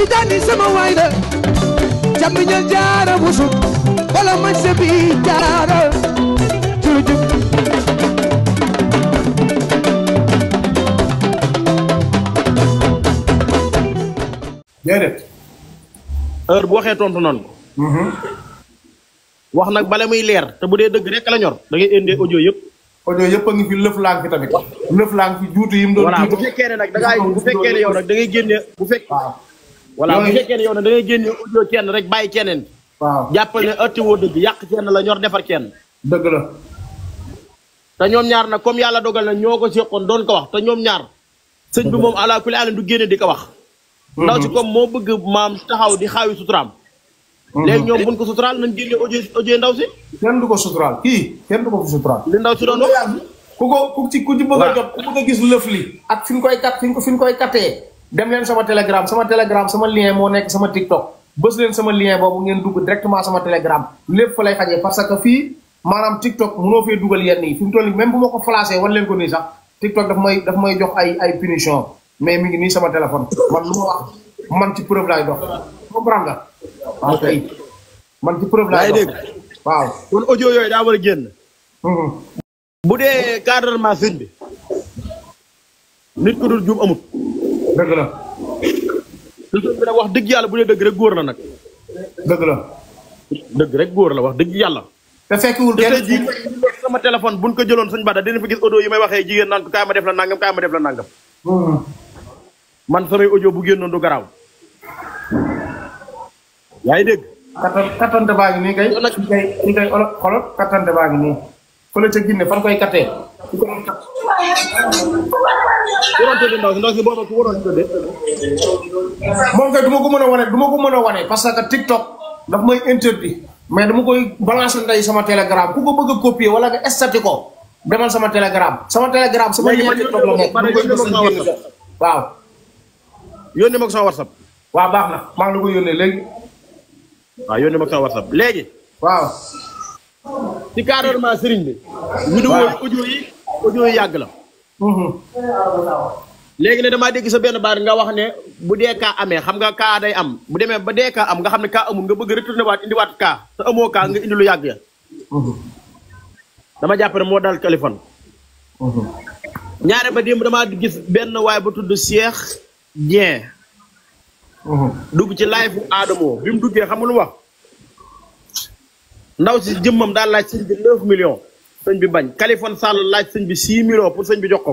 tijani sama waay la jamiñal jaara busu wala ma sebi jaara jurujub bu waxee tontu noonu mm-hmm. wax nag bala muy leer te bu dee dëgg rek la ñor da ngay indee audio yëpp audio yëpp a ngi fi lëf laa fi tamit lëf laa fi juutu yi mu doon bu fekkee ne nag da ngay bu fekkee ne da ngay génne bu fekk voilà bu fekkee ne yow nag da ngay kenn rek bàyyi keneen. waaw jàppal ne dëgg yàq kenn la ñor defar kenn. dëgg la. te ñoom ñaar na comme yàlla dogal na ñoo ko seqoon doon ko wax te ñoom ñaar. sëñ bi moom ala kulli aalen du génne di ko wax. Mm-hmm. ndaw si comme moo bëgg maam taxaw di xaawi suturaam. Mm-hmm. léegi ñoom buñ ko suturaal nañ génne audio audio ndaw si. kenn du ko suturaal kii kenn du ko suturaal. li ndaw si doon wax ko ku ci a jot ku bëgg a gis lëf li. ak fi ñu koy kat fi ko fi ñu koy kate dem leen sama telegram sama telegram sama lien moo nekk sama tiktok bës leen sama lien boobu ngeen dugg directement sama telegram lépp fa lay xajee parce que fii maanaam tiktok mënoo fee dugal yenn yi fi mu toll nii même bu ma ko flashé wan leen ko nii sax tiktok daf may daf may jox ay ay punition mais mi ngi nii sama téléphone man lu ma man ci preuve laay dox comprendre man ci preuve laay dox waaw. kon audio yooyu daa war a génn. Mm-hmm. bu dee cadrement sëñ bi. nit ku dul dëgg la. wax dëgg yàlla bu dee dëgg rek góor la nag. dëgg la. dëgg rek góor la wax dëgg yàlla. te fekkiwul kenn ji sama téléphone buñ ko jëloon suñ bada dina fi gis audio yi may waxee jigéen naan ko kaay ma def la nangam hmm. man samay audio bu génnoon du garaaw. yaa ngi dégg. kattan kattante baa ngi nii kay. ñu koy ñu koy fan koy kattee. waroon tëdd ndaw si du ma ko mën a wane du ma ko mën wane parce que TikTok daf may interdit mais dama koy balancer ndey sama telegram ku ko bëgg a copier wala nga estati ko demal sama telegram sama telegram sama lien TikTok la nekk du koy gis waaw yónnee ma ko sama whatsapp waaw baax na maa ngi la ko yónnee léegi waaw yónnee ma ko sama whatsapp léegi waaw ci carrément sëriñ bi vidéo audio yi audio yi yàgg léegi ne damaa dégg sa benn baat nga wax ne bu dee kaa amee xam nga ka day am bu demee ba dee kaa am nga xam ne kaa amul nga bëgg retourné waat indiwaat kaa te amoo ka nga indi lu yàgg ya dama jàpp ne moo dal téléphone. ñaare ba démb damaa gis benn waaye bu tudd seex Dieng. dugg ci live bu Adamo bi mu duggee xam nga lu wax ndaw si jëmmam daal laaj sëñ bi 9 sëñ bi bañ Kalifon Sall laaj sëñ bi 6 millions pour sëñ bi jox ko.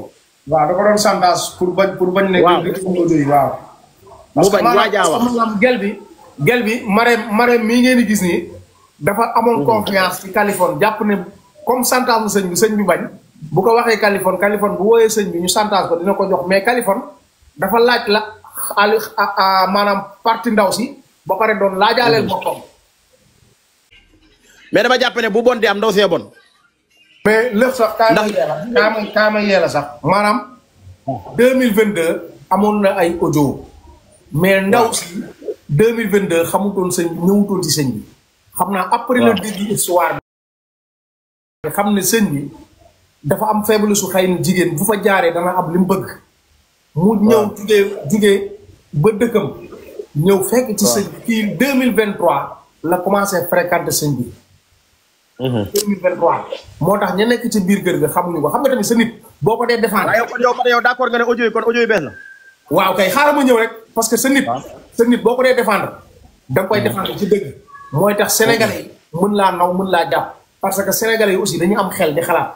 waaw da ko doon chantage pour bañ pour bañ. parce que maanaam gel bi. gel bi mare mare mii ngeen di gis nii. dafa amoon mm. confiance ci Kalifon jàpp ne comme chantage bu sëñ bi sëñ bi bañ. bu ko waxee Kalifon Kalifon bu wooyee sëñ bi ñu chantage ko dina ko jox mais Kalifon dafa laaj la ali maanaam parti ndaw si ba pare doon laajaaleel mm. boppam. mais dama jàpp ne bu bon di am ndaw see bon. mais lëf sax kaa ma la sax maanaam deux mille vingt deux amoon na ay audio mais ndaw si deux mille vingt deux xamutoon sëñ bi ñëwutoon si sëñ xam naa après la dégg histoire bi xam ne sëñ bi dafa am faible su xëy na jigéen bu fa jaaree dana am li bëgg mu ñëw jugee jugee ba dëkkam ñëw fekk ci sëñ bi kii deux mille vingt trois la commencé fréquenter sëñ bi 2023. Mhm. moo tax ñu nekk ci biir gër gi xamuñu ko xam nga tamit sa nit boo ko dee défendre. waaye kon yow kon yow d' accord nga ne audio yi kon audio yi bees ma ñëw rek parce que ah. sa nit. boo ko dee défendre. da nga koy défendre ci dëgg. mooy tax sénégalais yi laa naw mën laa jàpp. parce que sénégalais yi aussi dañu am xel di xalaat.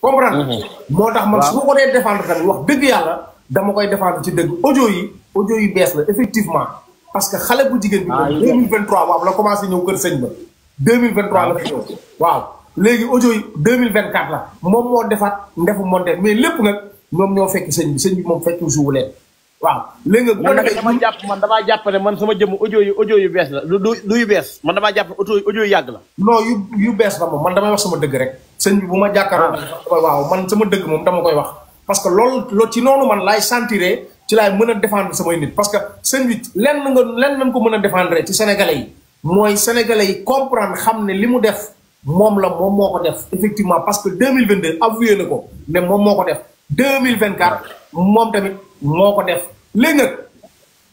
comprendre mhm. moo tax man su ma ko dee défendre tamit wax dëgg yàlla dama koy défendre ci dëgg audio yi audio yu bees la effectivement parce que xale bu jigéen bi. ah 2023 waaw la commencé ñëw kër sëñ ba. deux mille vingt trois la ah. fi ñëw waaw léegi audio yi deux mille vingt quatre la moom moo defaat ndefu monté mais lépp nag ñoom ñoo fekk sëñ bi sëñ bi moom fekk jowu leen waaw léegi nga bu ko man damaa jàpp ne man sama jëmm audio yu audio yu bees la du du yu bees man damaa jàpp audio audio yu yàgg la non yu la moom man damay wax sama dëgg rek sëñ bi bu ma jàkkaaroo ah. waaw man sama dëgg moom dama koy wax parce que loolu loolu ci noonu man laay sentiré ci laay mën a défendre samay nit parce que sëñ bi lenn nga lenn nañ ko mën a défendre ci sénégalais yi mooy sénégalais yi comprendre xam ne li mu def moom la moom moo ko def effectivement parce que 2022 avoué na ko ne moom moo ko def 2024 moom tamit moo ko def léegi nag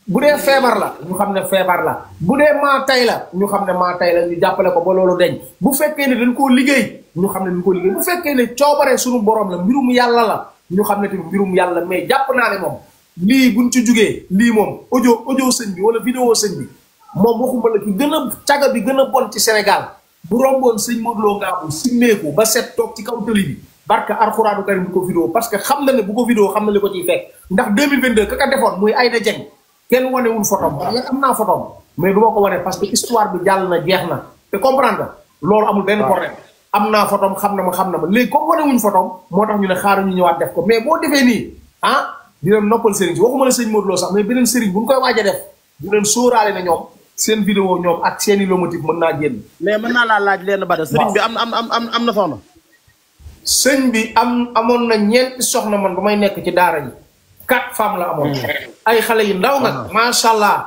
bu dee feebar la ñu xam ne feebar la bu dee maa la ñu xam ne maa tay la ñu jàppale ko ba loolu deñ bu fekkee ne dañ koo liggéey ñu xam ne dañ koo liggéey fekkee ne coobare suñu borom la mbirum yàlla la ñu xam ne tamit yàlla mais jàpp naa ne moom lii buñ ci jugee lii moom audio audio sëñ bi wala vidéo sëñ bi moom waxuma la ki gën a caga bi gën a bon ci Sénégal bu romboon sëñ Modou Lo Ngabou simmeeku ba set toog ci kaw tëli bi barka arxuraanu karim du ko parce que xam na ne bu ko vidéo xam na li ndax 2022 ka ka defoon muy Aïda Dieng kenn nga am naa fotom mais du ma ko wane parce que histoire bi jàll na jeex na te comprendre loolu amul benn problème am naa fotom xam na ma xam na ma léegi comme wanewuñ fotom moo tax ñu ne xaaru ñu ñëwaat def ko mais boo defee nii ah di leen noppal sëriñ si waxuma la sëñ sax mais beneen sëriñ bu ñu koy waaj a def di leen sóoraale na ñoom seen vidéo ñoom ak seen i mën naa génn. mais mën naa laa laaj leen ba de. sëriñ bi am am am am na soxna. sëñ bi am amoon na ñeenti soxla man ba may nekk ci daara yi quatre femmes la amoon. Hmm. ay xale yu ndaw nag. Ah. macha allah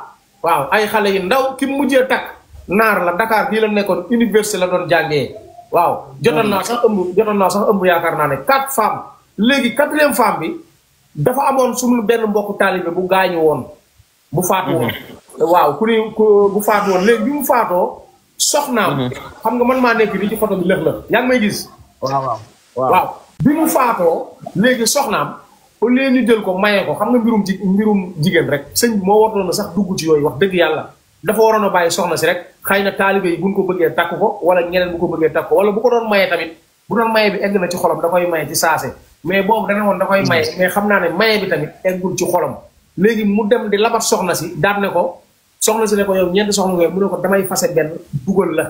waaw ay xale yu ndaw ki mujjee takk naar la Dakar bii la nekkoon université la doon jàngee. waaw jotoon naa sax ëmb naa sax ëmb yaakaar naa ne quatre femmes léegi quatrième femme bi dafa amoon suñu benn mbokku taalibe bu gaañu woon. bu faatu woon. Hmm. waaw ku ne ku bu faatu woon léegi bi mu faatoo. soxnaam. Mhm. xam nga man maa nekk nii ci photo bi lëx la yaa may gis. waaw waaw waaw. bi mu faatoo léegi soxnaam au lieu ñu jël ko maye ko xam nga mbirum ji mbirum jigéen rek sëñ bi moo waroon a sax dugg ci yooyu wax dëgg yàlla dafa waroon a bàyyi soxna si rek xëy na taalibe yi buñ ko bëggee takk ko wala ñeneen bu ko bëggee takk ko wala bu ko doon maye tamit bu doon maye bi egg na ci xolam da koy maye ci saase mais boobu dana woon da koy maye mhm. mais xam naa ne maye bi tamit eggul ci xolom léegi mu dem di labat soxna si daan ne ko soxna si ne ko yow ñeenti soxna nga mu ne ko damay fase benn dugal la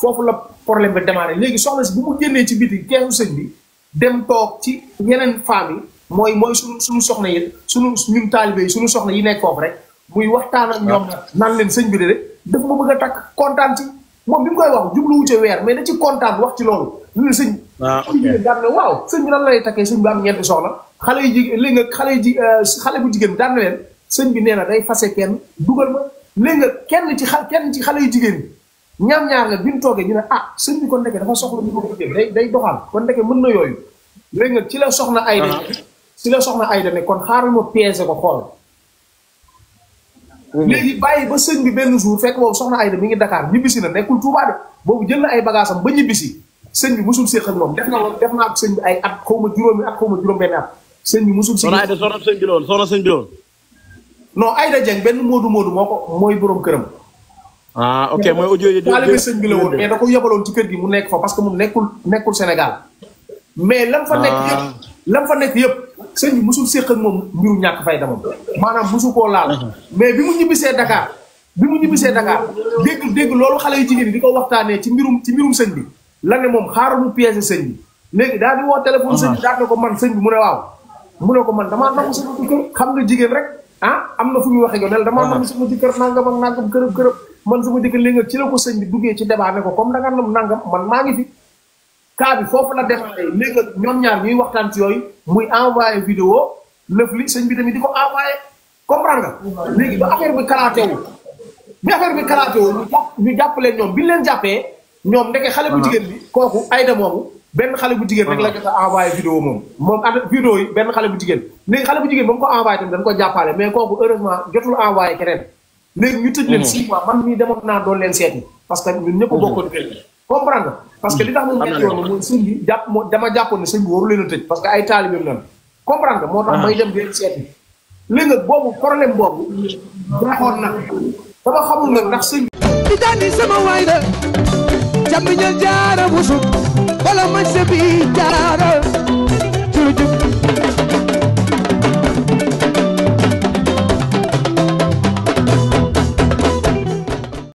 foofu la problème bi démarré léegi soxna si bu mu génnee ci biti keesu sëñ bi dem toog ci ñeneen femmes yi mooy mooy suñu suñu soxna yi suñu ñun taalibe yi suñu soxna yi nekk foofu rek muy waxtaan ak ñoom ah. naan leen sëñ bi de daf ma bëgg a takk kontaan ci moom bi mu koy wax jubluwu ca weer mais na ci kontaan wax ci loolu lu ne sëñ ah ok daan na waaw sëñ bi nan lay takkee sëñ bi am ñeenti xale yu ji léegi nga xale yu ji euh, xale bu jigéen bi daan sëñ bi nee na day fase kenn dugal ma léegi nga kenn ci xa kenn ci xale yu jigéen bi ñaam bi ñu toogee ñu ne ah sëñ bi kon ndeke dafa soxla ñu ko bëggee kon ndeke mën na yooyu. léegi nga ci la soxna Ayda. Ah. ci la soxna Ayda ne kon xaaral ma piéger ko xool. Mm-hmm. léegi bàyyi ba sëñ bi benn jour fekk boobu soxna Ayda mi ngi Dakar ñibbisi na nekkul Touba de boobu jël na ay bagages am ba ñibbisi sëñ bi mosul séq ak moom def na def naa ak sëñ bi ay at xaw ma juróomi at xaw ma juróom-benn at sëñ bi mosul. sëñ bi ayda soxna sëñ bi la woon soxna sëñ bi jeng benn moodu moodu moo ko mooy borom këram. ah ok mooy audio yi. taalibe sëñ bi la woon mais da ci kër gi mu nekk fa parce que mu nekkul nekkul Sénégal. mais lam fa nekk ah. fa nekk yëpp sëñ mosul séq ak moom mbiru ñàkk fayda moom maanaam mosu koo laal. Uh-huh. mais bi mu ñibbisee Dakar bi mu ñibbisee Dakar dégg dégg loolu xale yi jigéen di ko waxtaanee ci mbirum ci mbirum sëñ bi la ne moom xaar mu piégé sëñ bi léegi daal di woo téléphone sëñ bi ne ko man sëñ bi mu ne waaw mu ne ko man damaa nangu sama jëkkër xam nga jigéen rek ah am na fu muy waxee yow nel damaa nangu sama jëkkër nangam ak nangam kërëb kërëb man sama jëkkër bi duggee ci débat ne ko comme da nga nam nangam man maa ngi fi cas bi foofu la démarré léegi ñoom ñaar ñuy waxtaan ci yooyu muy envoyé vidéo lëf li sëñ bi mi di ko envoyé comprendre nga léegi ba affaire bi kalaatewul bi affaire bi kalaatewul ñu jàpp ñu jàppalee ñoom bi leen jàppee ñoom ndeke xale bu jigéen bi kooku Aïda moomu benn xale bu jigéen rek la jot a envoyé moom moom ak vidéo yi benn xale bu jigéen léegi xale bu jigéen ba mu ko envoyé tamit dañ ko jàppale mais kooku heureusement jotul envoyé keneen mhm. naa doon leen seeti parce que ñun ñëpp mhm. bokkoon kër comprendre nga parce que li tax mu mhm. metti woon mooy sëñ dama jàppoon ne sëñ bi a tëj parce que ay taalibeem lan comprendre nga moo tax ah. may dem di leen seeti léegi boobu problème boobu jaaxoon na dama xamul nag ndax sëñ bi di sama waay la Sambi ñël jaara busuk bala mañ se bi jaara